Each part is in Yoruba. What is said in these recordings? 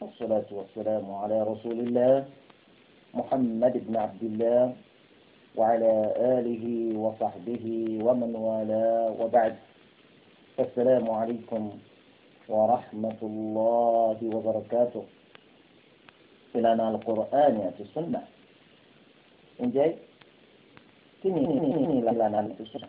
والصلاة والسلام على رسول الله محمد بن عبد الله وعلى آله وصحبه ومن والاه وبعد السلام عليكم ورحمة الله وبركاته إلى القرآن يأتي السنة إن جاي تني لنا السنة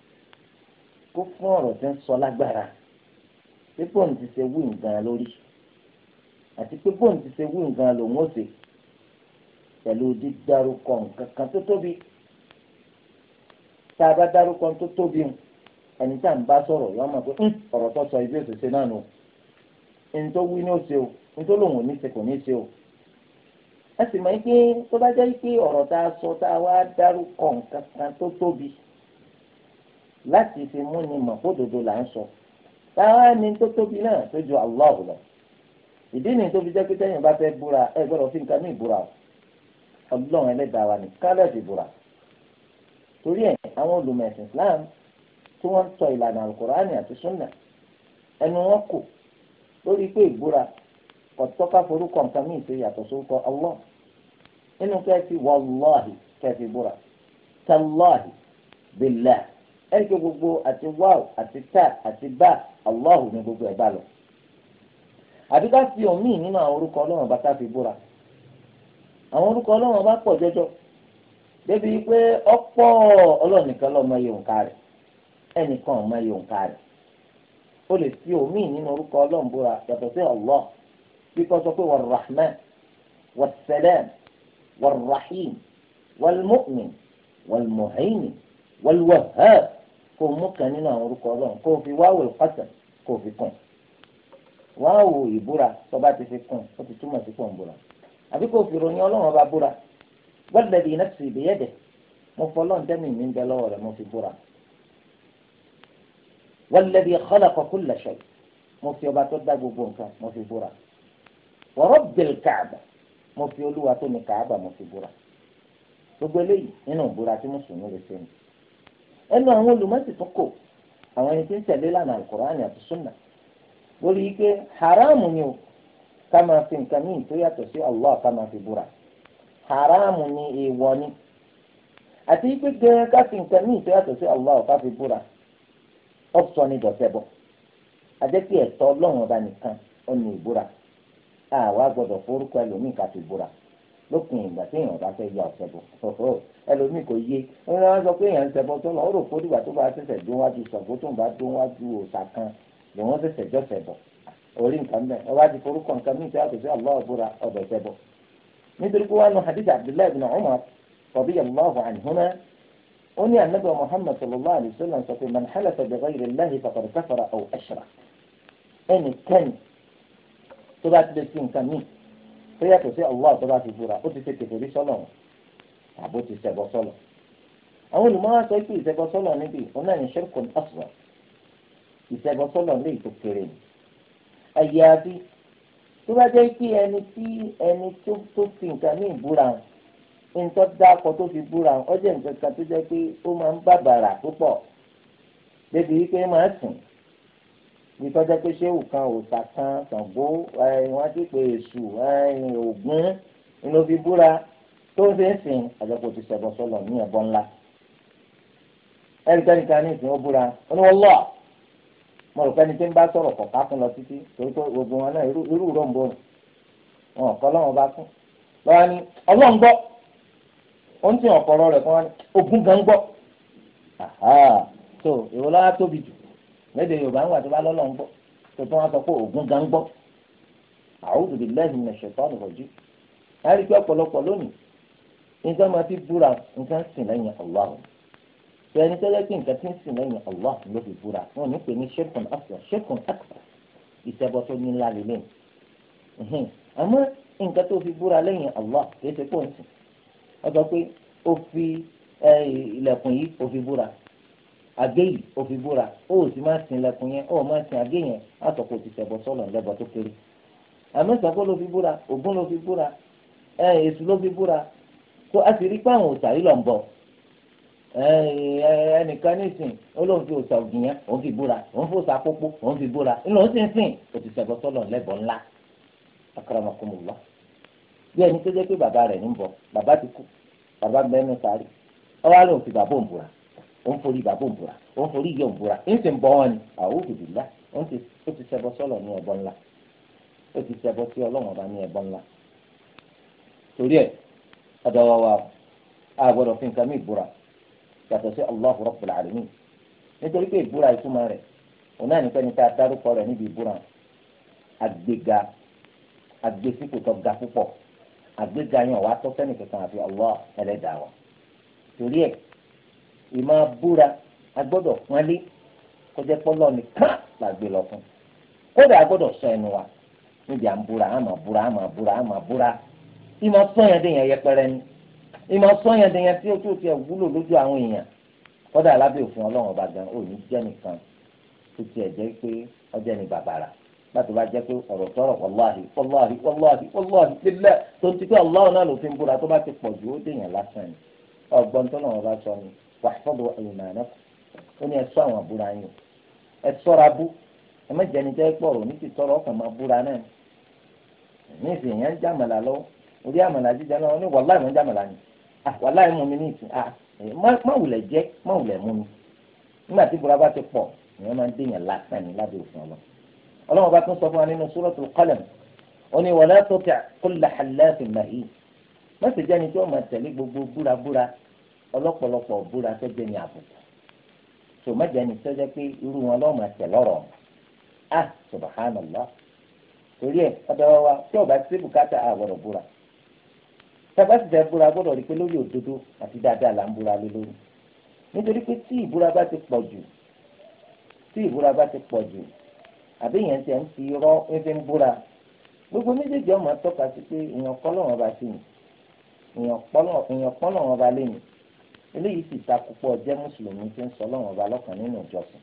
kó fún ọ̀rọ̀ tí ń sọ lágbára pé bóun ti ṣe wí nǹkan lórí àti pé bóun ti ṣe wí nǹkan lòun ó ṣe pẹ̀lú dídárúkọ nǹkan kan tó tóbi tá a bá dárúkọ tó tóbi ẹni tá à ń bá sọ̀rọ̀ yọ ọmọ pé ọ̀rọ̀ tó sọ ibi òṣèṣe náà nù ẹni tó wí ní òṣè o ẹni tó lòun ò ní ṣe kò ní ṣe o a sì mọ̀ pé tó bá jẹ́ pé ọ̀rọ̀ tá a sọ tá a wá dárúkọ nǹkan kan tó tóbi. láti fi múni mọ̀ kódodo là ń sọ táwa ni tó tóbi náà tó ju Allah lọ ìdí ni tó fi jẹ́ pé tẹ́yìn bá fẹ́ búra ẹ gbọ́dọ̀ fi nǹkan o ọlọ́run ẹlẹ́dàá wa ni kálẹ̀dì búra torí ẹ̀ àwọn olùmẹ̀sìn Islam tí wọ́n tọ ìlànà àti sunna ẹnu wọn kò lórí pé ìbúra ọ̀tọ́ka forúkọ nǹkan míì ṣe ẹni pé gbogbo àti wáw àti tá àti bá Allahu ní gbogbo ẹ̀ bá lọ. àbí ká fi òmíì nínú àwọn orúkọ ọlọ́run bá ká fi búra àwọn orúkọ ọlọ́run bá pọ̀ jọjọ débi pé ọ̀pọ̀ ọlọ́run nìkan lọ́mọ yìí òǹkà rẹ̀ ẹnìkan ọmọ yìí òǹkà rẹ̀ o lè fi òmíì nínú orúkọ ọlọ́run búra yàtọ̀ sí Allah bí kò sọ pé wọ́n rahman wọ́n salam wọ́n rahim wọ́n mu'min wọ́n muhaymin wọ́n wahhab kó mú kan nínú àwọn orúkọ ọlọ́run kó fi wáwò ìpàtàn kó fi kàn wáwò ìbúra tó bá ti fi kàn ó ti túmọ̀ sí pọ̀n búra àbí kó fi ròyìn ọlọ́run ọba búra walladhi nafsi biyadihi mo fọlọ́n dẹ́mi mi ń bẹ lọ́wọ́ rẹ̀ mo fi búra walladhi khalaqa kulla shay mo fi ọba tó dá gbogbo nǹkan mo fi búra wa rabbil ka'ba mo fi olúwa tó ní kàába mo fi búra gbogbo eléyìí nínú ìbúra tí mùsùlùmí lè ṣe ẹnu àwọn olùmọ̀sí tó kò àwọn ẹni tí ń tẹ̀lé lánàá alukur'ani sunna ike haramu ni o ká máa fi nǹkan míì tó yàtọ̀ sí Allah ká máa fi búra haramu ni èèwọ̀ ni àti ike gẹ́gẹ́ ká fi nǹkan míì tó yàtọ̀ sí Allah ká fi búra ọ̀sán ni dọ̀tẹ́ bọ̀ àjẹpẹ́ ẹ̀tọ́ ọlọ́run ọba nìkan ọ̀nà ìbúra àwa gbọ́dọ̀ forúkọ ẹlòmíì ká fi búra. lópin ìgbà tí èèyàn bá fẹ́ ya ọ̀sẹ̀bọ̀ ẹlòmíì kò yé wọn ni wọn sọ pé èèyàn ń ṣẹbọ tó lọ ó rò kórìgbà tó bá ṣẹ̀ṣẹ̀ dún wájú sọ̀gbó tó ń bá dún wájú òòṣà kan lòun ṣẹ̀ṣẹ̀ jọ́ ṣẹbọ orí nǹkan bẹ́ẹ̀ ọba ti forúkọ nǹkan mí ìṣẹ́ àtúnṣe Allah ọ̀bùra ọ̀bẹ̀ ṣẹbọ. nítorí pé wọn nu hadith Abdullahi ibn Umar radiyallahu anhuma ó ní Muhammad sallallahu sallam sọ pé man halafa bi ghayri Allahi faqad kafara aw ashrak ẹnikẹ́ni tó yàtọ̀ sí Allah tó bá ti búra ó ti ṣe kèfèrí sọ́lọ̀ àbó ti ṣẹbọ sọ́lọ̀ àwọn olùmọ̀wá sọ pé ìṣẹbọ sọ́lọ̀ níbi ọ̀nà ní ṣirkun asghar ìṣẹbọ sọ́lọ̀ ní ètò kéré ni àyàfi tó bá jẹ́ pé ẹni tí ẹni tó fi nǹkan ní ìbúra nǹkan dákọ tó fi búra ó jẹ́ nǹkan kan tó jẹ́ pé ó máa ń bàbàrà púpọ̀ débi wípé máa sùn ní tọ́jọ́ pé ṣéwù kan òòṣà kan Ṣàngó wọ́n ti pè èṣù Ògún inú fi búra tó ń ṣe ń sìn àjọpọ̀ ti ṣẹ̀bọ̀ sọ̀lọ̀ ní ẹ̀bọ ńlá ẹnikẹ́ni kan ní ìsìn ó búra ó ní wọ́n lọ́ mo rò pé ẹni tí ń bá sọ̀rọ̀ kọ̀ọ̀ká fún lọ títí torí pé gbogbo wọn náà irú ìrọ̀mbó ni wọn ò kọ́ lọ́wọ́n bá fún lọ́wọ́ ni ọlọ́run gbọ́ ó ń tìyàn ọ̀pọ̀ ọ̀rọ̀ rẹ̀ fún wọn ni Ògún gan gbọ́ so ìwọ tóbi jù lédè yorùbá ń wà tó bá lọ́lọ́ ń gbọ́ tó tó wọn sọ pé ògún gan gbọ́ a'udhu billahi minash shaitani rajim láti pé ọ̀pọ̀lọpọ̀ lónìí nǹkan máa fi búra nǹkan sìn lẹ́yìn Allah tó ẹni tó yẹ kí nǹkan ti ń sìn lẹ́yìn Allah ló fi búra wọn ní pè ní shirkun akbar shirkun akbar ìṣẹ́bọ tó ní ńlá lélẹ̀ àmọ́ nǹkan tó fi búra lẹ́yìn Allah kì í ṣe pọ̀ ń sìn pé ó fi ilẹ̀kùn yìí ó fi búra àgé yìí ó fi búra ó sì máa sin lẹ̀kùn yẹn ó máa sin àgé yẹn àtọ̀kọ̀ ti ṣẹbọ sọ̀lọ̀ lẹ́bọ tó kéré àmọ́ ìsàkó ló fi búra ògún ló fi búra ẹ èṣù ló fi búra kó a sì rí pé àwọn òòṣà yìí lọ ń bọ̀ ẹnìkan nísìn olóhùn fi òòṣà ògìn yẹn òun fi búra òun fi òòṣà pópó òun fi búra ńlọ ó sì ń sìn ó ti ṣẹbọ sọ̀lọ̀ lẹ́bọ ńlá akaramakumullah bí ẹni tó jẹ́ pé bàbá rẹ̀ ń bọ̀ bàbá ti ó ń forí bàbá òun búra ó ń forí ìyá òun búra ń sì ń bọ wọn ni àwọn òbíbìlá ó ti ṣẹbọ sọlọ ní ẹbọ ńlá ó ti ṣẹbọ sí Ọlọ́run ọba ní ẹbọ ńlá torí ẹ ọ̀dọ̀ wa wa a gbọ́dọ̀ fi nǹkan mi búra yàtọ̀ sí Allahu Rabbul Alamin nítorí pé ìbúra ìtumọ̀ rẹ̀ òun náà nípa ẹni tá dárúkọ rẹ̀ níbi ìbúra àgbéga àgbésípò ga púpọ̀ àgbéga yẹn wàá tọ́ sẹ́nì kankan àfi Allah wa torí ẹ̀ ìmọ̀ abúra agbọ́dọ̀ pọ́nlé kọjá pọ́lọ́ nìkan là gbé lọ fún kódà agbọ́dọ̀ sọ ẹnu wa níbi à ń búra à máa búra à máa búra à máa búra ìmọ̀ sọ́yàn dèèyàn yẹpẹrẹ ni ìmọ̀ sọ́yàn dèèyàn tí ó tó tiẹ̀ wúlò lójú àwọn èèyàn kódà alábẹ́ òfin ọlọ́run ọba gan òní jẹ́ nìkan tó tiẹ̀ jẹ́ pé ọjọ́ ni bàbàrà láti bá jẹ́ pé ọ̀rọ̀ tọrọ wàláhì wàláhì wàláhì wàláhì wàhálà ìmọ̀ràn ó ní ẹ̀ṣọ́ àwọn àbúrò ayé ẹ̀ṣọ́ra bú ẹ má jẹni jẹ́ pọ̀rọ̀ ní ti tọrọ ọkàn máa búra náà ní ìsìn èèyàn ń jẹ àmàlà lọ́wọ́ orí àmàlà jíjẹ náà ní wàláì mọ̀ ń jẹ àmàlà ni ah, wàláì mú mi ní ìsìn ah, má wùlẹ̀ jẹ́ má wùlẹ̀ mú mi nígbà tí búra bá ti pọ̀ èèyàn máa ń dèèyàn lásán ní lábẹ́ òfin ọlọ́ ọlọ́run bá tún sọ fún wa nínú Suratul Qalam ó ní wala tuti' kulla hallafin mahin mọ́sẹ̀ jẹ́ni tí wọ́n máa tẹ̀lé gbogbo búrabúra ọlọ́pọ̀lọpọ̀ búra sẹ́gbẹ́ ní àbùkù tòmọ́jẹ́ni sẹ́jẹ́ pé irú wọn lọ́mọ ẹ̀sẹ̀ lọ́rọ̀ ah subhanallah torí ẹ̀ ọ̀dọ̀ wa tí ọba sí bùkátà àgbọ̀dọ̀ búra tàbá sì fẹ́ búra gbọ́dọ̀ rí pé lórí òdodo àti dáadáa là ń búra lé lórí nítorí pé tí ìbúra bá ti pọ̀ jù tí ìbúra bá ti pọ̀ jù àbí èèyàn ti ń fi irọ́ ẹbí ń búra gbogbo méjèèjì ọmọ tọ́ka sí pé èèyàn kọ́ bá sí ni èèyàn kọ́ bá lé ni eléyìí sì ta púpọ̀ jẹ́ mùsùlùmí tí ń sọ lọ́wọ́n ọba lọ́kàn nínú ìjọsìn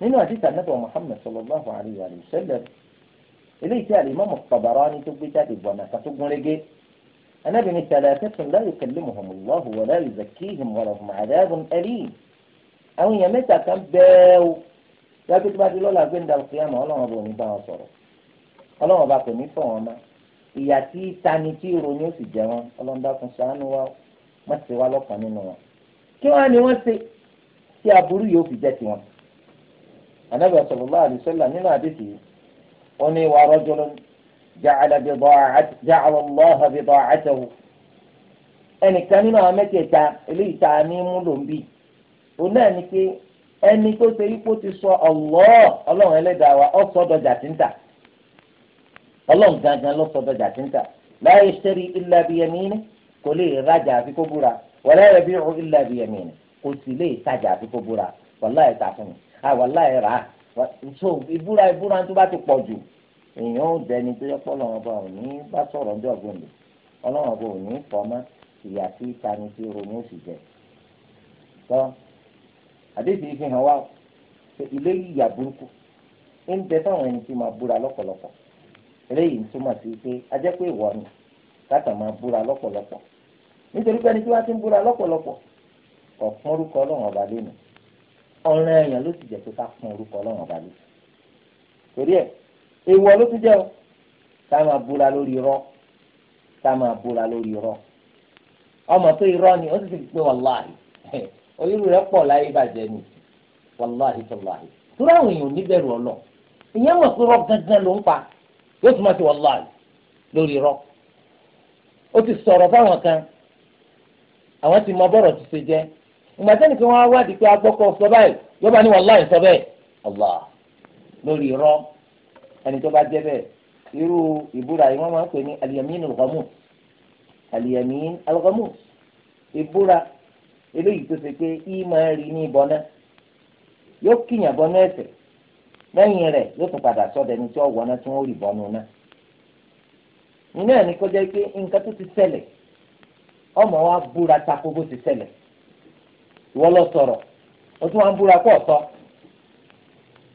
nínú àdìsá nàbà Muhammad sallallahu alayhi wa sallam eléyìí tí al-Imam Tabarani tó gbé jáde bọ̀ nàkà tó gún régé anábì ní thalathatun la yukallimuhum Allahu wa la yuzakkihim wa lahum adhabun alim àwọn èèyàn mẹ́ta kan bẹ́ẹ̀ o yàtọ̀ tó bá di lọ́la gbé ndàlù o má ṣe wá lọ́kàn nínú wọn kí wọ́n á ní wọ́n ṣe tí aburú yóò fi jẹ́ tiwọn. Ànábì sallallahu alaihi wasallam nínú àdéhùn yìí wọ́n ní wa rajulun ja'ala Allahu bida'atahu ẹnìkan nínú àwọn mẹ́tẹ̀ẹ̀ta eléyìí tá a ní mú ló ń bì òun náà ni pé ẹni tó ṣe ipò ti sọ Allah ọlọ́run ẹlẹ́dàá wa ó sọ dọjà tí ń tà ọlọ́run gangan ló sọ dọjà tí ń tà la yashtari illa biyaminihi kò lè rajà àfi kó búra wala yabi'u illa bi yamini kò sì lè tajà àfi kó búra wallahi ta fún mi wallahi rà á so ìbúra ìbúra tó bá ti pọ̀ jù èèyàn ò dẹni tó yẹ pọ́lọ́ wọn bá ò ní bá sọ̀rọ̀ ọjọ́ gbòǹdè ọlọ́wọ́n bá ò ní pọ̀ mọ́ ìyá tí tani tí ronú òsì jẹ tọ́ àdéhùn fi hàn wá ilé ìyà burúkú ń bẹ fáwọn ẹni tí máa búra lọ́pọ̀lọpọ̀ eléyìí túmọ̀ sí pé ajẹ́ pé ìwọ ni káàtà máa búra lọ́pọ̀lọpọ̀ nítorí pé ẹni tí wọ́n ti ń búra lọ́pọ̀lọpọ̀ ọ̀pọ̀ orúkọ ọlọ́run ọba lé nù ọ̀ràn èèyàn ló ti jẹ́ pé ká fún orúkọ ọlọ́run ọba lé torí ẹ̀ èèwọ̀ ló ti jẹ́ o ká máa búra lórí irọ́ ká máa búra lórí irọ́ ọmọ tó irọ́ ni ó sì ti pé wàláhì onírú rẹ̀ pọ̀ láyé bàjẹ́ ni wàláhì tàláhì torí àwọn èèyàn níbẹ̀rù ọlọ́ ìyẹn mọ̀ pé irọ́ gángan ló ń pa yóò tún máa ti wàláhì lórí irọ́ ó ti sọ̀rọ̀ fáwọn kan àwọn ti mọ bọ́rọ̀ ti ṣe jẹ́ ìgbà sẹ́ni pé wọ́n á wádìí pé agbọ́kọ̀ sọ báyìí yọba ni wàláì sọ bẹ́ẹ̀ Allah lórí irọ́ ẹni tó bá jẹ́ bẹ́ẹ̀ irú ìbúra yìí wọ́n máa ń pè ní aliyamin alghamus aliyamin alghamus ìbúra eléyìí tó ṣe pé í máa rí ní ìbọn náà yóò kíyàn bọ́nú ẹ̀ṣẹ̀ lẹ́yìn rẹ̀ yóò tún padà sọ́dọ̀ ẹni tí ó wọ̀ tí wọ́n rí bọ́nú náà nínú ẹ̀ ní kọjá pé nǹkan tó ti ṣẹlẹ̀ ọmọ wa búra tako bó ti ṣẹlẹ̀ ìwọ lọ sọ̀rọ̀ o tún wa ń búra kó ọ̀tọ̀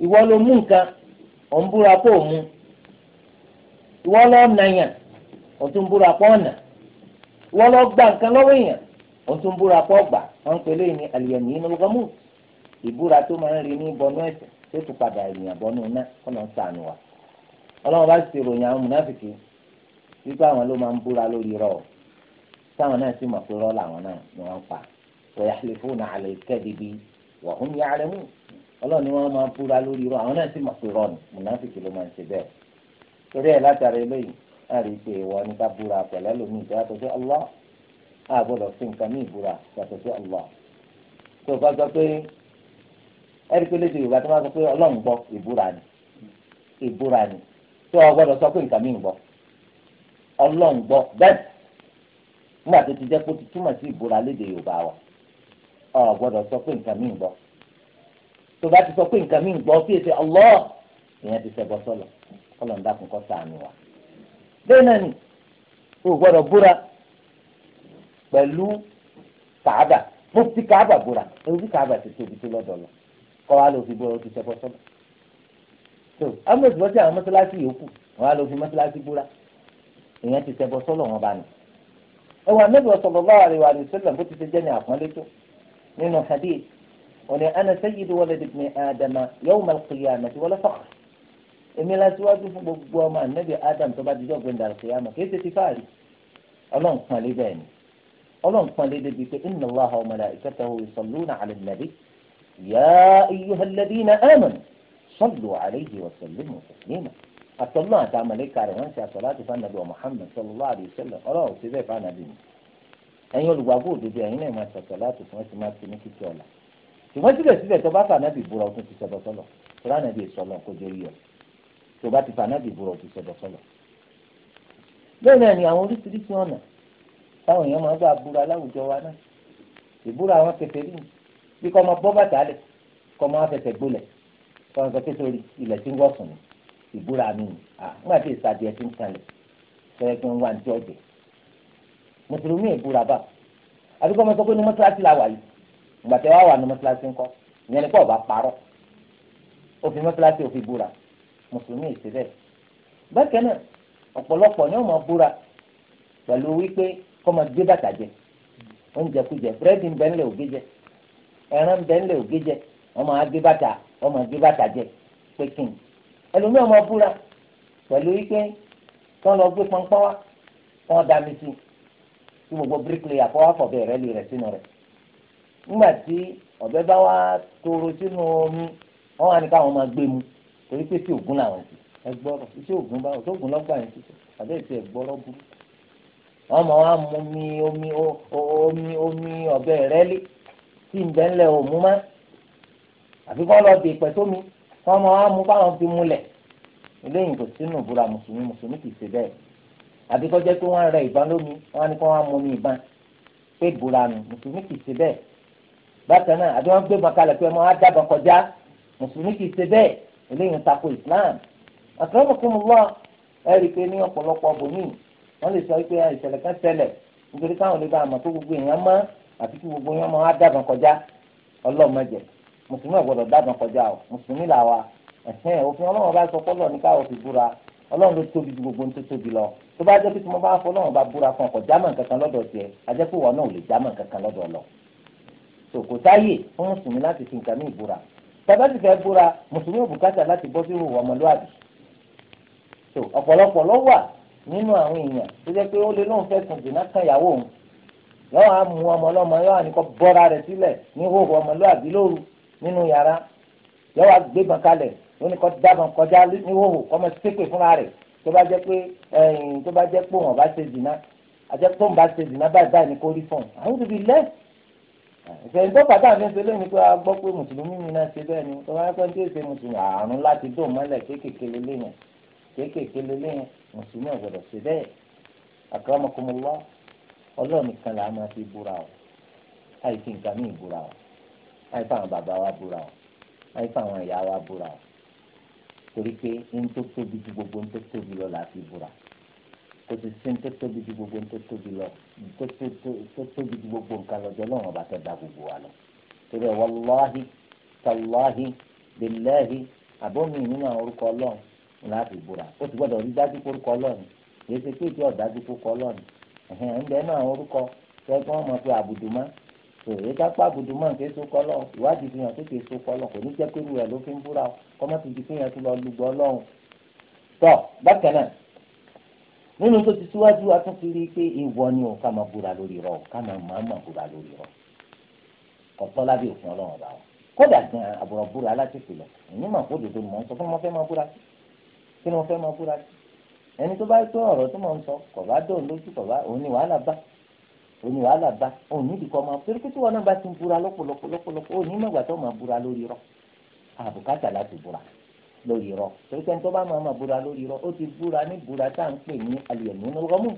ìwọ ló mú nǹkan ò ń búra kó ìwọ lọ tún gba nǹkan lọ́wọ́ èèyàn tún búra kó ọgbà wọn pè ní inú gọmú ìbúra tó máa ń rí ní bọnú tó tún padà bọnú iná ń sànù táwọn náà sì mọ̀ pé rọ́ làwọn náà ni wọ́n pa wa yahlifuna ala al-kadhibi wa hum ya'lamun ọlọ́run ni wọ́n máa ń búra lórí irọ́ àwọn náà sì mọ̀ pé irọ́ ni mùnáfíkì ló máa ń ṣe bẹ́ẹ̀ torí ẹ̀ látara eléyìí a rí i pé ìwọ ni ká búra pẹ̀lẹ́ lómi ìjọ sí Allah a gbọ́dọ̀ nǹkan ní ìbúra yàtọ̀ sí Allah tó o bá gbọ́ pé ẹ̀rí pé léde Yorùbá tó máa sọ pé ọlọ́run gbọ́ ìbúra ni ìbúra ni tó o gbọ́dọ̀ sọ pé nǹkan mí gbọ́ ọlọ́run gbọ́ bẹ́ẹ̀ nígbà tó ti jẹ́ pé ó ti túmọ̀ sí ìbúra léde yorùbá wa ọ̀ gbọ́dọ̀ sọ pé nǹkan míì gbọ́ tó bá ti sọ pé nǹkan míì gbọ́ sí èsì Allah ìyẹn ti ṣẹbọ sọlọ kọlọ̀ ń dákun kọ́ sàánú wa. bẹ́ẹ̀ náà ni o gbọ́dọ̀ búra pẹ̀lú kàábà mo fi kàábà búra ewu bí kàábà ti tóbi tó lọ́dọ̀ lọ kọ́ wa ló fi búra ó ti ṣẹbọ sọlọ. tó amúlẹ̀tì bọ́sẹ̀ àwọn mọ́sálásí yòókù wọ́n á lọ fi mọ́sálásí búra ìyẹn ti ṣẹbọ sọlọ wọn bá nù. ẹwà Ànábì sallallahu alaihi wa sallam bó ti ṣe jẹ́ ní àpọ́nlé tó nínú hadith òní ana sayyidu walad ibn adama yawma al-qiyamati wala fakhr èmi la síwájú fún gbogbo ọmọ Ànábì adam tó bá dijọ́ gbẹ̀ndà al-qiyama kì í ṣe ti fáàrí ọlọ́run pọ́nlé bẹ́ẹ̀ ni ọlọ́run pọ́nlé débi pé inna Allaha wa malaikatahu yusalluna ala an-nabi ya ayyuha alladhina amanu sallu alayhi wa sallimu taslima. àtọ́nà àti àmàlẹ́kà rẹ̀ wọ́n ṣe àṣọ láti fún anabi Muhammad sallallahu alayhi wa sallam ọlọ́run ti bẹ́ẹ̀ fún anabi ni ẹ̀yin olùgbàgbọ́ òdodo ẹ̀yin náà máa ṣàṣọ láti fún ẹ̀sìn máa ti ní kíkẹ́ ọ̀la ṣùgbọ́n síbẹ̀síbẹ̀ tó bá fún anabi búra ọtún ti sọ̀dọ̀ sọ̀lọ̀ tóra anabi sọ̀lọ̀ kojú rí ọ tó bá ti fún anabi búra ọtún sọ̀dọ̀ sọ̀lọ̀ bẹ́ẹ̀ ni àwọn oríṣiríṣi ọ̀nà táwọn èèyàn máa gbà búra láwùjọ wa náà ìbúra àwọn kèfèrí ni bí kò máa bọ́ bàtà lẹ̀ kò máa fẹsẹ̀ gbólẹ̀ kò máa sọ sórí ilẹ̀ tí ń wọ̀ sùn ni ìbúra mi nì nígbà tí ìsàdì ẹ ti ń kalẹ̀ sọ̀rọ̀ pé ń wá ní ọ̀jẹ̀ mùsùlùmí ìbúra bá àdúgbò ọmọ sọ pé ní mọ́tíláṣí la wà yìí ìgbà tí wàá wà ní mọ́tíláṣí ńkọ́ ìyẹn ni pé ọba parọ́ òfin mọ́tíláṣí òfin búra mùsùlùmí ìsìlẹ̀ bákan náà ọ̀pọ̀lọpọ̀ ni wọ́n máa búra pẹ̀lú wípé kọ́ máa gbé bàtà jẹ oúnjẹ kújẹ búrẹ́dì ń bẹ ńlẹ̀ ẹran ń bẹ ńlẹ̀ wọ́n máa gbé bàtà wọ́n máa gbé bàtà jẹ pé ẹlòmí ọmọ búra pẹ̀lú wípé wọ́n lọ gbé pọnpọ́n wá wọ́n dá mi sí tí gbogbo bíríkìlì àfọwọ́fọ̀ bẹ́ẹ̀ rẹ́ lè rẹ̀ sínú rẹ̀ nígbà tí ọ̀bẹ bá wá toro sínú omi wọ́n wá ní káwọn máa gbé mu torí pé tí ògún làwọn ti ẹ gbọ́rọ̀ iṣẹ́ ògún bá wọn tó ògún lọ́gbà yẹn ti sọ àbẹ́ ìṣe ẹ̀gbọ́rọ̀ burú wọ́n mọ̀ wá mu mi omi omi omi ọ̀bẹ rẹ́lí tí ń bẹ́ńlẹ̀ òmú má àfikún ọlọ́ọ̀dẹ̀ ìpẹ́ tómi wọn máa wá mú fáwọn fi múlẹ̀ eléyìí kò sínú ìbúra mùsùlùmí mùsùlùmí kì í ṣe bẹ́ẹ̀ àbí kó jẹ́ pé wọ́n rẹ ìbọn lómi wọ́n á ní kó wọ́n á mú mi ìbọn pé ìbúra nù mùsùlùmí kì í ṣe bẹ́ẹ̀ bákan náà àbí wọ́n gbé ìbọn kalẹ̀ pé wọ́n á dábàá kọjá mùsùlùmí kì í ṣe bẹ́ẹ̀ eléyìí ń tako Islam àtúrọ́mọ̀kúnmọ́ ẹ rí i pé ní ọ̀pọ̀lọpọ̀ bòmí wọ́n lè sọ pé ìṣẹ̀lẹ̀ kan ṣẹlẹ̀ nítorí káwọn lè bá àmọ́ tó gbogbo èèyàn mọ́ àti kí gbogbo èèyàn mọ́ á dábàá kọjá ọlọ́mọdé mùsùlùmí ọ̀gbọ́dọ̀ dábàá kọjá o mùsùlùmí là wa ẹ̀hẹ́n òfin ọlọ́run bá sọ pọ́lọ́ ní káwọ́ fi búra ọlọ́run ló tóbi ju gbogbo tó tóbi lọ tó bá jẹ́ pé tí mo bá fọ ọlọ́run bá búra fún ọkọ̀ jámà kankan lọ́dọ̀ tiẹ̀ ajẹ́ pé wọn náà ò lè jámà kankan lọ́dọ̀ lọ. tó kò sáyè fún mùsùlùmí láti fi nǹkan míì búra tàbá ti fẹ́ búra mùsùlùmí ò bùkátà láti bọ́ sí ìhùwà ọmọlúwàbí. tó ọ̀pọ̀lọpọ̀ ló wà nínú àwọn èèyàn tó jẹ́ pé ó lè lóun fẹ́ sùn jìnnà kan ìyàwó òun yọ nínú yàrá yọ wá gbébọn kalẹ̀ lónìí kọ́ dábọn kọjá níhòhò kọ́mọ ṣépè fúnra rẹ̀ tó bá jẹ́ pé ẹ̀yìn tó bá jẹ́ pé òun bá ṣe zìnà àjẹ́ pé òun bá ṣe zìnà báyìí báyìí ni kò rí fún un àwọn òbí lẹ́ ìfẹ̀yìntàn pàtó àwọn ẹ̀ṣẹ̀ lónìí pé a gbọ́ pé mùsùlùmí mi náà ṣe bẹ́ẹ̀ ni tó bá pẹ́ tí èsè mùsùlùmí àrùn láti dùn mọ́lẹ̀ kéékèèké lélẹ́yìn kéékèèké lélẹ́yìn mùsùlùmí ọ̀gbọ̀dọ̀ ṣe bẹ́ẹ̀ àkàràmọ̀kọ́mọlá ọlọ́ọ̀nìkan làá máa fi búra ọ̀ àìsí nǹkan mí ìbúra ọ̀ láì fáwọn bàbá wa búra o láì fáwọn ìyá wa búra o torí pé ń tó tóbi ju gbogbo ń tó tóbi lọ làá fi búra kò sì sí ń tó tóbi ju gbogbo ń tó tóbi lọ tó tóbi ju gbogbo nǹkan lọ́jọ́ lọ́wọ́n ọba tó da gbogbo wa lọ torí ẹ̀ wàláhi tàláhi bẹ̀láhi àbọ̀mí nínú àwọn orúkọ ọlọ́run láti búra ó ti gbọ́dọ̀ rí dájú orúkọ ọlọ́run kì ṣe pé ìjọ dájú orúkọ ọlọ́run ẹ̀hìn ẹ̀ ń bẹ́ẹ̀ náà orúkọ tẹ́gbọ́n òwe kápá àbùdó mọ̀ nké so kọ́lọ̀ ìwádìí fi hàn kékeré so kọ́lọ̀ kò ní jẹ́ pé irú rẹ̀ ló fi ń búra kọ́mọ́ ti di kéèyàn tó lọ lùgbọ́ ọlọ́run. tọ́ bákan náà nínú tó ti síwájú a tún fi rí i pé ìwọ ni ò ká máa búra lórí rọ ká máa máa máa búra lórí rọ ọ̀tọ́ lábẹ́ òfin ọlọ́run ọba wa kódà gan àbúrò búra aláti pèlè ẹni mà kó dodo mọ̀ ń sọ fún mi wọ́n máa búra sí kí ni wọ́n fẹ́ máa búra sí ẹni tó bá tó ọ̀rọ̀ tó máa ń sọ kò òní wàhálà bá òní ìdìkọ́ máa torí pé tí wọn náà bá ti ń búra lọ́pọ̀lọpọ̀ lọ́pọ̀lọpọ̀ òní mọ̀gbà tó máa búra lórí rọ àbùkátà láti búra lórí rọ torí pé tó bá máa máa búra lórí rọ ó ti búra ní búra tá à ń pè ní àlùyẹ̀mí rọmú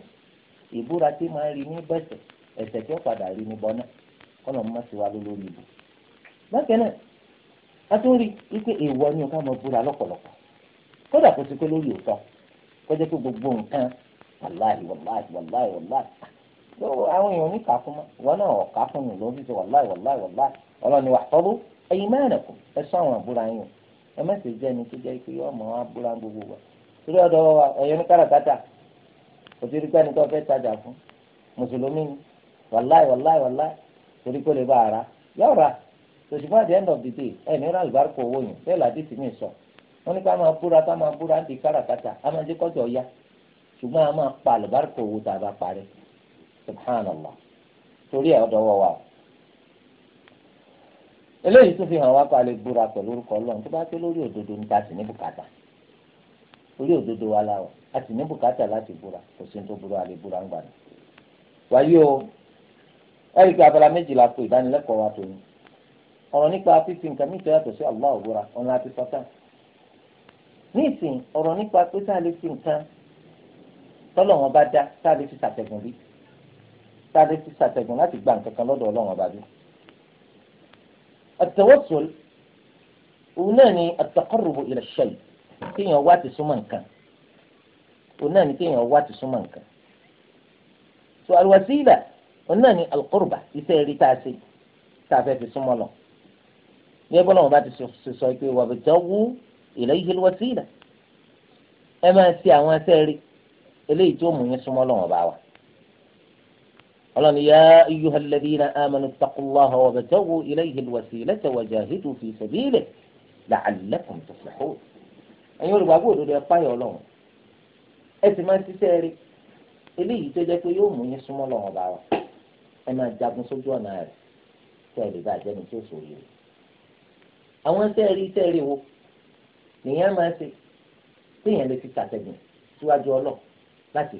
ìbúra tí máa rí ní bẹ́sẹ̀ ẹ̀sẹ̀ tí ó padà rí ní bọ́ná kọ́nà mọ́ sí wa lórí ibù bákan náà a tún rí i pé èèwọ̀ ni ká máa búra lọ́pọ̀lọpọ̀ kódà kó ti pé lórí òótọ́ kó jẹ́ pé gbogbo nǹkan wàláhì wàláhì wàláhì wàláhì tó àwọn èèyàn ní kà fún ma wọn náà ọ̀ka fún mi lórí ti wàláì wàláì wàláì ọlọ́ni wà tọ́lú ẹ̀yin mẹ́rin kù ẹ sọ àwọn àbúrò yín ẹ mẹ́sẹ̀ jẹ́ ni tó jẹ́ pé yọ ọmọ àbúrò gbogbo wa torí ọ̀dọ̀ ẹ̀yọ́ ní káràkátà òtítí pẹ́ni tó fẹ́ tajà fún mùsùlùmí ni wàláì wàláì wàláì torí kó lè bá ara yóò ra tòṣùgbọ́n at end of the day ẹ̀ ní ràlùbáríkò owó yẹn bẹ́ẹ̀ làdí tì mí sọ wọn ní ká máa búra ká máa búra ń di káràkátà ya ṣùgbọ́n a pa àlùbáríkò owó tá parí subhanallah torí ẹ̀ ọ̀dọ̀ wọ̀ wá o eléyìí tó fi hàn wá kó a lè búra pẹ̀lú orúkọ ọlọ́run tó bá pé lórí òdodo ní ta sì ní bùkátà lórí òdodo wa la wà a sì ní bùkátà láti búra kò sí ní tó burú a lè búra ń nípa fífi nǹkan mìíràn yàtọ̀ sí Allah òbúra ọ̀nà àti sọ́tà ní ìsìn ọ̀rọ̀ nípa pé tá a lè fi nǹkan tọ́lọ̀ wọn bá dá tá lè fi ṣàtẹ̀gùn bíi sáré sí sàtẹ̀gùn láti gba nǹkan kan lọ́dọ̀ ọlọ́run ọba bí. àtẹwọ́sọ̀l òun náà ni àtàkọ́rùbù ìrẹsẹ̀ yìí kéèyàn wá ti súnmọ́ nǹkan òun náà ni kéèyàn wá ti súnmọ́ nǹkan. sọ àlùwàsílà òun náà ni alqurba iṣẹ́ rí tá a ṣe tá a fẹ́ fi súnmọ́ lọ. ní ẹbí ọlọ́run bá ti sọ pé wabtagu ilayhi alwasila ẹ máa ṣe àwọn iṣẹ́ rí eléyìí tó mú yín súnmọ́ lọ́wọ́ bá wa ọlọ́ni yá iyúhà lẹ́dínà àmàlù takuláhà wàbẹ̀tẹ́wò ilé ìhìlwàsí lẹ́tẹ̀wàjà hídù fi sẹ̀bílẹ̀ làálẹ́kùn tó fìlẹ̀hó. ẹ̀yin olùgbàgbọ́ òdodo ẹ páyọ̀ ọlọ́run ẹ sì máa ń ṣiṣẹ́ rí eléyìí tó jẹ́ pé yóò mú yín súnmọ́ lọ́wọ́ bá wa ẹ máa jagun sójú ọ̀nà rẹ̀ tẹ́ ẹ lè bá jẹ́ni tó sòrò yìí. àwọn sẹ́ẹ̀rí sẹ́ẹ̀rí wo nìyẹn máa ṣe téèyàn lè fi tàtẹ̀gùn síwájú ọlọ́ láti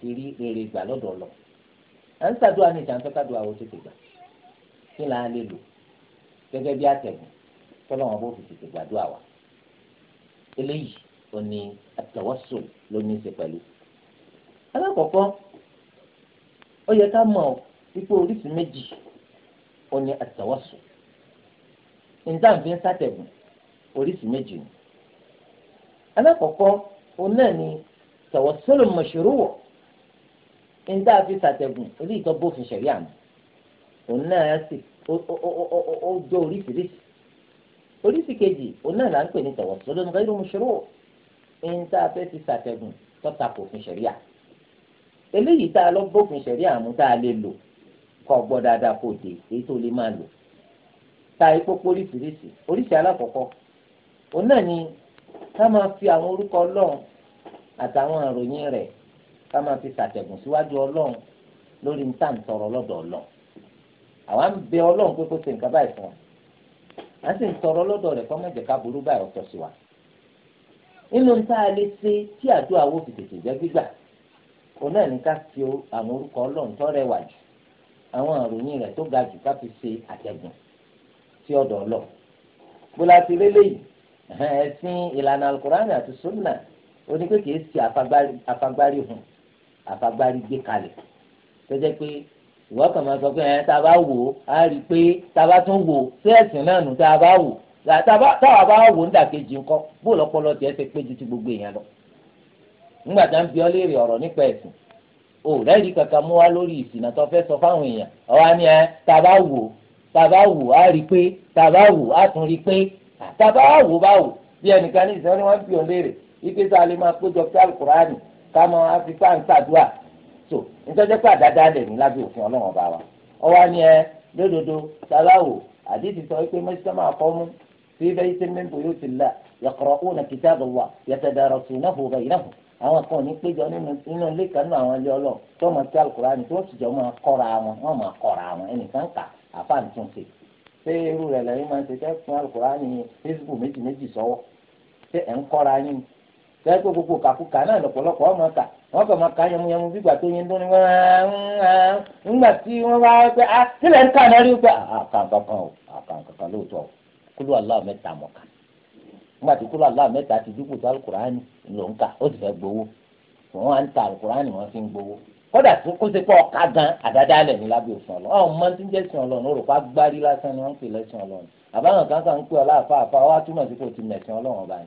fi rí rere gbà lọ́dọ̀ ọlọ́ọ̀ à ń ṣàdúrà ní ìjànfẹ́ kádùá wo tètè gbà kí là á lè lò gẹ́gẹ́ bí àtẹ̀gùn tọ́lọ́wọ́n bó fi tètè gbàdúrà wa eléyìí ò ní àtẹ̀wọ́sùn ló ní í ṣe pẹ̀lú. alákọ̀ọ́kọ́ ó yẹ ká mọ̀ wípé oríṣi méjì ó ní àtẹ̀wọ́sùn ìjànfẹ́ ṣàtẹ̀gùn oríṣi méjì ni alákọ̀ọ́kọ́ òun náà ni tawassul mashru' níta fi ṣàtẹ̀gùn orí ìtọ́ bófin ṣẹ̀rí àmọ́ òun náà sì ó jọ oríṣiríṣi oríṣi kejì òun náà là ń pè ní tawassulun ghayru mashru' níta fẹ́ fi ṣàtẹ̀gùn tọ́ta kò fin ṣẹ̀rí à eléyìí tá a lọ bófin ṣẹ̀rí àmọ́ tá a lè lò kọ́ gbọ́ dáadáa kò dé èyí tó lè máa lò ta ìpópó oríṣiríṣi oríṣi alákọ̀ọ́kọ́ òun náà ni ká máa fi àwọn orúkọ Ọlọ́run àtàwọn àròyìn rẹ̀ ká máa fi ṣàtẹ̀gùn síwájú ọlọ́run lórí ní tá à ń tọrọ lọ́dọ̀ ọlọ́run àwa ń bẹ ọlọ́run pé kó ṣe nǹkan báyìí fún wa à ń sì ń tọrọ lọ́dọ̀ rẹ̀ kó má jẹ́ ká burú báyìí ọ̀tọ̀ sí wa nínú tá a lè ṣe tí àdúrà wo fi tètè jẹ́ gbígbà òun náà ní ká fi àwọn orúkọ ọlọ́run tó rẹwà jù àwọn àròyìn rẹ̀ tó ga jù ká fi ṣe àtẹ̀gùn sí ọ̀dọ̀ ọlọ́run bó la lélẹ̀ yìí ẹ̀sìn ìlànà alukurani àti sunna oníkèké sí afagbárí hùn àfagbárí gbé kalẹ̀ tó pé ìwọ kàn máa sọ pé ẹ tá a bá wò ó á rí i pé tá a bá tún wò ó sí ẹ̀sìn náà nù tá a bá wò táwa bá wò ó ń dàkejì ńkọ́ bó lọ́pọlọ tiẹ̀ ṣe pé ju ti gbogbo èèyàn lọ. nígbà tá à ń bi ọ́ léèrè ọ̀rọ̀ nípa ẹ̀sìn o lẹ́rìí kankan mú wá lórí ìsìnà tó fẹ́ sọ fáwọn èèyàn ọ̀wá ni ẹ tá a bá wò ó tá a bá wò ó á rí i pé tá a bá wò ó á tún rí i pé tá a bá wò ó bá wò bí ẹnìkan ní ìsìn ká mọ áfíríkà ń ṣàdúrà so nítorí pé àdáda lè ní lábẹ́ òfin ọlọ́run ọba wa ọwọ́ ni ẹ lódodo sábàwò àdìsí sọ pé mẹ́sítọ́ máa kọ́ mú sí bẹ́ẹ̀ tí mímú yóò ti là yaqra'una kitaballah yatadarasunahu bainahum àwọn kan ní péjọ nínú ilé kan nínú àwọn ilé ọlọ́run tó máa ti al-Qur'ani tó sì jọ máa kọ́ra wọn wọ́n máa kọ́ra wọn ẹnìkan kà àfáà ní túnṣe ṣé irú rẹ̀ lẹ́yìn máa ń ṣe fẹ́ fún al-Qur'ani ní méjì méjì sọ́wọ́ ṣé ẹ̀ ń kọ́ra yín sẹ́yìn pé gbogbo kàkúkà náà lọ́pọ̀lọpọ̀ ọmọ kà wọ́n kàn máa ka yamuyamu bígbà tó yẹn dún ní ńgbà tí wọ́n bá pẹ́ à sílẹ̀ ń kà náà rí pé ah, àkàǹkà kan o àkàǹkà kan lóòótọ́ kúlú aláwọ̀ mẹ́ta mọ̀ ká ńgbà tí kúlú aláwọ̀ mẹ́ta ti dínkù sí alukurani ló ń kà ó ti fẹ́ gbowó wọ́n á ń ta alukurani wọ́n fi ń gbowó kódà tó kó sepọ̀ ọ̀ka gan àdádálẹ̀ ní lábẹ́ òfin ọlọ́run ọ̀hún máa ń jẹ́ sin ọlọ́run òrùka gbárí lásán ni wọ́n ń pè lẹ́sìn ọlọ́run àbáwọn kan kan ń pè ọlá àfa àfa wá túmọ̀ sí kò ti mẹ̀sìn ọlọ́run ọba ni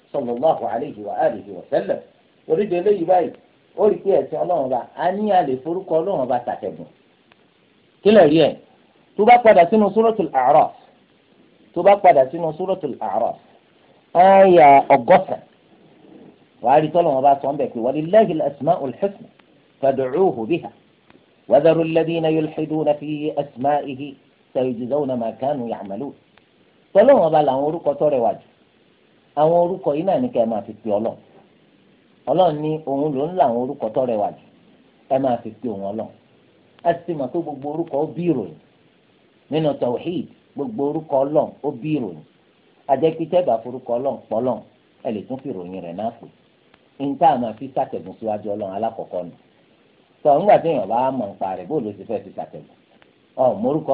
sallallahu alayhi wa alihi wa sallam oríṣi eléyìí báyìí ó rí pé ẹ̀sìn ọlọ́run ọba a ní a lè forúkọ ọlọ́run ọba tàtẹ̀gùn kílẹ̀ rí ẹ̀ tó bá padà sínú suratul A'raf tó bá padà sínú suratul A'raf àyà ọgọ́sàn wàá rí tọ́lọ́run ọba sọ ń bẹ̀ pé walillahi al-asma'ul husna fad'uhu biha wadharu alladhina yulhiduna fi asma'ihi sayujzawna ma kanu ya'malun tọ́lọ́run ọba làwọn orúkọ tó rẹwà jù àwọn orúkọ yìí náà ní kẹ́ ẹ máa fi pè ọlọ́run ọlọ́run ní òun ló ń la àwọn orúkọ jù ẹ máa fi a pé gbogbo orúkọ ó bí ìròyìn nínú tawhid gbogbo orúkọ ọlọ́run ó bí ìròyìn àjẹpítẹ́ bá forúkọ ọlọ́run pọ́lọ́run ẹ lè tún fi ìròyìn rẹ̀ náà pè fi sàtẹ̀gùn síwájú alákọ̀ọ́kọ́ nù sọ tí èèyàn bá mọ̀ bóòlù ti fẹ́ sàtẹ̀gùn ọ̀ mórúkọ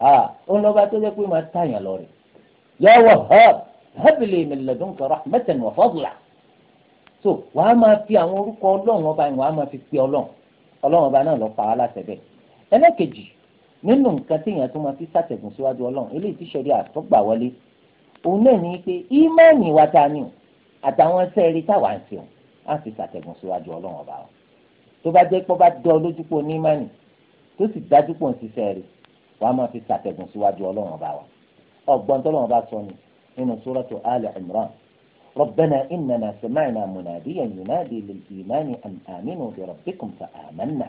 ó ń lọ́ba tó jẹ́ pé máa tààyàn lọ rẹ̀ yà wọ hab habli min ladunka rahmatan wa fadla so wàá máa fi àwọn orúkọ ọlọ́run ọba yẹn wàá máa fi pé ọlọ́run ọlọ́run ọba náà lọ pa á láṣẹ bẹ́ẹ̀ ẹlẹ́kejì nínú nǹkan téèyàn tó máa fi sàtẹ̀gùn síwájú ọlọ́run eléyìí tí sẹ́rí àtọ́gbà wọlé òun náà ní pé ímánì wa ta ni àtàwọn ẹsẹ̀ rí táwa ń sìn á fi sàtẹ̀gùn síwájú ọlọ́run ọba tó bá jẹ́ pé bá dọ́ lójú ní ímánì tó sì dájú pọ̀ ń ṣiṣẹ́ rí wàá máa fi sàtẹ̀gùn síwájú ọlọ́run ọba wa ọgbọ́n tó lọ́wọ́ bá sọ ni nínú suratu ali imran ربنا إننا سمعنا مناديا ينادي للإيمان أن آمنوا بربكم فآمنا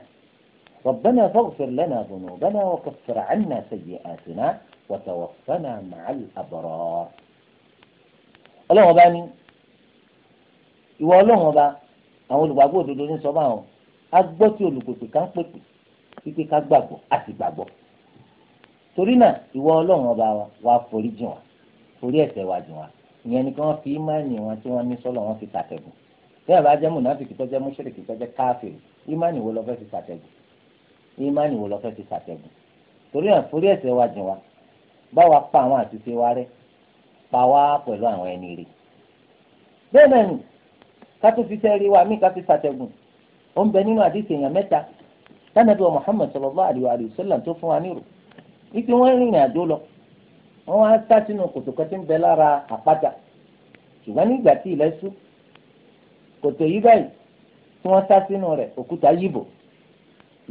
ربنا فاغفر لنا ذنوبنا وكفر عنا سيئاتنا وتوفنا مع الأبرار ọlọ́wọ́n bá ní ìwọ ọlọ́wọ́n bá àwọn olùgbàgbọ́ òdodo ní sọ báwọn a tí olùpèpè kan pèpè pípé ká gbàgbọ́ àti gbàgbọ́ torí náà ìwọ ọlọ́run ọba wa wá forí jìn wá forí ẹ̀ṣẹ̀ wa jìn wá ìyẹn ni kí wọ́n fi ìmánì wọn tí wọ́n ní sọ́lọ̀ wọn fi tàtẹ̀gùn bẹ́ẹ̀ bá jẹ́ mùnàfíkì tó jẹ́ mùṣírìkì tó jẹ́ káfíìrì ìmánì wo lọ fẹ́ fi tàtẹ̀gùn ìmánì wo lọ fẹ́ fi tàtẹ̀gùn torí náà forí ẹ̀ṣẹ̀ wa jìn wá bá wa pa àwọn àtúnṣe wa rẹ́ pa wá pẹ̀lú àwọn ẹni rè bẹ́ẹ̀ náà ni ká tó fi sẹ́ẹ̀rí Muhammad sallallahu alaihi wa sallam tó ike wọ́n rìnrìn àjò lọ wọ́n wá sá sínú kòtòkò tí ń bẹ lára àpáta ṣùgbọ́n nígbà tí ilẹ̀ ṣú kòtò yìí báyìí tí wọ́n sá sínú rẹ̀ òkúta yìbò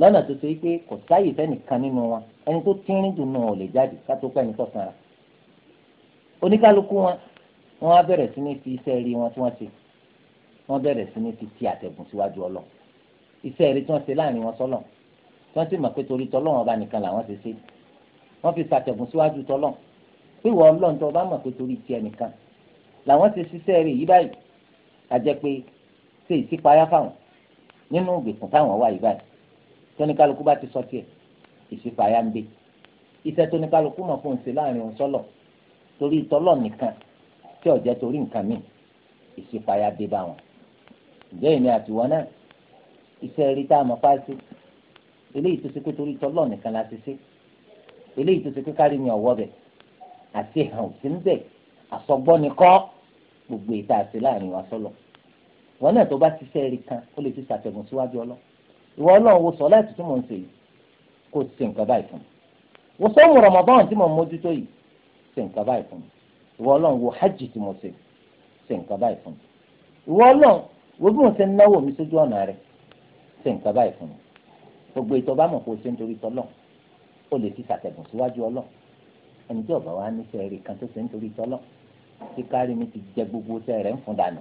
lọ́nà tó ṣe pé kò sáyè fẹ́nìkan nínú wọn ẹni tó tínrín dùn náà ò lè jáde ká tó pẹ́ ní sọ̀sanra oníkálukú wọn wọ́n á bẹ̀rẹ̀ sí ní fi iṣẹ́ rí wọn tí wọ́n ṣe wọ́n bẹ̀rẹ̀ sí ní fi ti àtẹ̀gùn síwájú ọlọ́ iṣẹ́ rí tí wọ́n ṣe láàrin wọn sọ́lọ̀ tí wọ́n sì mọ̀ pé torí tọ́lọ́wọ́n ọba nìkan làwọn ṣe ṣe wọ́n fi ṣàtẹ̀gùn síwájú tọ́lọ̀ pé ìwọ ọlọ́run tó o bá mọ̀ pé torí tiẹ̀ nìkan làwọn ti ṣiṣẹ́ rẹ̀ yí báyìí àjẹ́ pé ṣe ìṣípayá fáwọn nínú ìgbèkùn táwọn wà yí báyìí tóníkálukú bá ti sọ tiẹ̀ ìṣípayá ń bẹ iṣẹ́ tóníkálukú mọ̀ fún ṣe láàrin òun sọ́lọ̀ torí ìtọ́lọ̀ nìkan tí ó jẹ́ torí nǹkan míì ìṣípayá dé bá wọn ǹjẹ́ ìní àtiwọ́ náà iṣẹ́ rí tá a mọ̀ fáṣí eléyìí tó ṣe pé torí ìtọ́lọ̀ nìkan la ti ṣe eléyìí tó ṣe pé kárí mi ọ̀wọ́ bẹ̀ àti hàn ò sí ń ni kọ́ gbogbo ètò àti láàrin wa sọ́lọ̀ wọn náà tó bá ti fẹ́ rí kan ó lè ti ṣàtẹ̀gùn síwájú ọlọ́ ìwọ ọlọ́run wo sọ láti tí mò ń ṣe yìí kó ṣe nǹkan báyìí fún mi wo sọ́mu Ramadan tí mò ń mójútó yìí ṣe nǹkan báyìí fún mi ìwọ ọlọ́run wo hajj tí mo ṣe ṣe nǹkan báyìí fún mi ìwọ ọlọ́run wo bí mo ṣe náwó mi sójú ọ̀nà rẹ̀ ṣe nǹkan báyìí fún mi gbogbo ètò ọba mọ̀ kó ṣe nítorí tọ́lọ́run ó lè fi ṣàtẹ̀gùn síwájú ọlọ́ ẹni tí ọ̀gá wa níṣẹ́ rẹ̀ kan tó ṣe nítorí tọ́lọ́ tí kárí mi ti jẹ gbogbo iṣẹ́ rẹ̀ ń fún dànù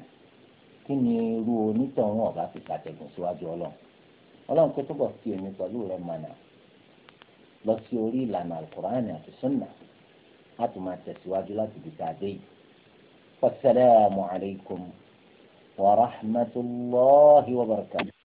kí ni irú onítọ̀hún ọ̀gá fi ṣàtẹ̀gùn síwájú ọlọ́ ọlọ́run kó túbọ̀ fi èmi pẹ̀lú rẹ̀ mọ̀nà lọ sí orí ìlànà alukur'ani àti sunna láti máa tẹ̀síwájú láti bìtà àdé yìí wasalaamu alaykum wa rahmatulahi wa barakatuh.